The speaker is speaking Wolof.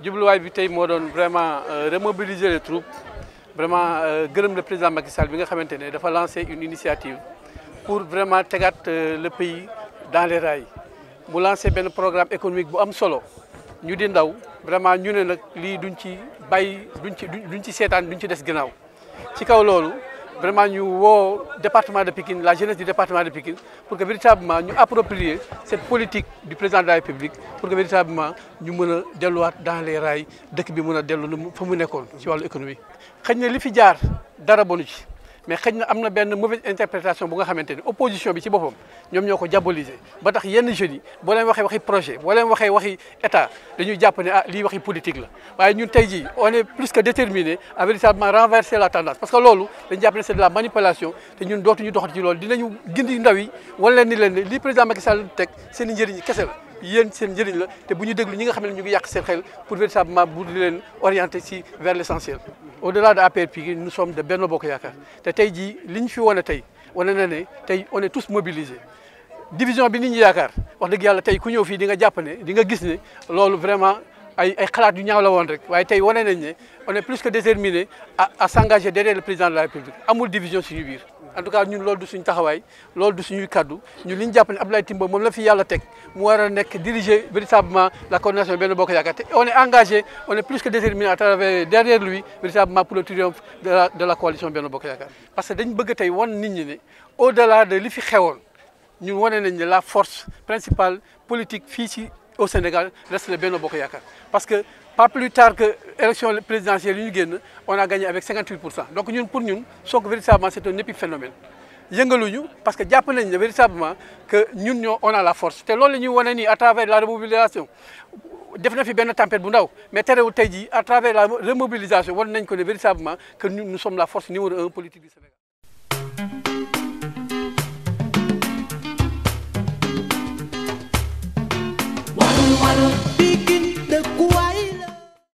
jubluwaay bi tey moo doon vraiment euh, remobiliser les troupes vraiment euh, gërëm le président Macky bi nga xamante ne dafa lancé une initiative pour vraiment tegaat euh, le pays dans les rails mu lancé benn programme économique bu am solo ñu di ndaw vraiment ñu ne nag lii duñ ci bay duñ ci duñ ci seetaan duñ ci des gannaaw ci kaw loolu. vraiment ñu woo département de Pikine la jeunesse du département de Pikine pour que véritablement ñu approprier cette politique du président de la République pour que véritablement ñu mun a delluwaat dans les rails dëkk bi mën a dellu fa mu nekkoon ci wàllu économie xëy na li fi jaar dara bonu ci mais xëy na am na benn mauvaise interprétation bu nga xamante ne opposition bi ci boppam ñoom ñoo ko diaboliser ba tax yenn jeunes yi boo leen waxee waxi projet boo leen waxee waxi état dañuy jàpp ne ah lii waxi politique la waaye ñun tey jii on est plus que déterminé à véritablement renverser la tendance parce que loolu dañu jàpp ne c'est de la manipulation te ñun dootuñu doxati ci loolu dinañu gindi ndaw yi wan leen ni leen ne lii président Macky Sall teg seen i njëriñ kese yéen seen njëriñ la te bu ñu déglu ñi nga xam ne ñu ngi yàq seen xel pour véritablement bu di leen orienter si vers l' essentiel. au delà de APR Pikine nous sommes de Benno Bokk Yaakaar te tey jii li ñu fi wane tey wane ne ne tey on est tous mobilisés division bi nit ñi yaakaar wax dëgg yàlla tey ku ñëw fii di nga jàpp ne di nga gis ne loolu vraiment. ay ay xalaat yu ñaaw la woon rek waaye tey wane nañ ne on est plus que déterminé à à s'engager derrière le président de la République amul division suñu biir en tout cas ñun loolu du suñu taxawaay loolu du suñuy kaddu ñun li ñu jàpp ne Abdoulaye Timbo moom la fi yàlla teg mu war nekk diriger véritablement la coordination Benno Bokk Yaakaar te on est engagé on est plus que déterminé à travers derrière lui véritablement pour le triomphe de la de la coalition Benno Bokk parce que dañ bëgg tey wan nit ñi ne au delà de li fi xewoon ñun wane nañ ne la force principale politique fii ci. au Sénégal reste le Benno Bokk Yaakaar parce que pas plus tard que élection présidentielle yu ñu génn on a gagné avec donc ñun pour ñun Sonko véritablement c'est un épiphénomène yëngaluñu parce que jàpp nañ ne véritablement que ñun ñoo on a la force te loolu la ñuy wane nii à travers la remobilisation def na fi benn tempête bu ndaw mais terewul tey jii à travers la remobilisation wan nañ ko ne véritablement que ñun nous la force numéro un politique du Sénégal waddle, waddle.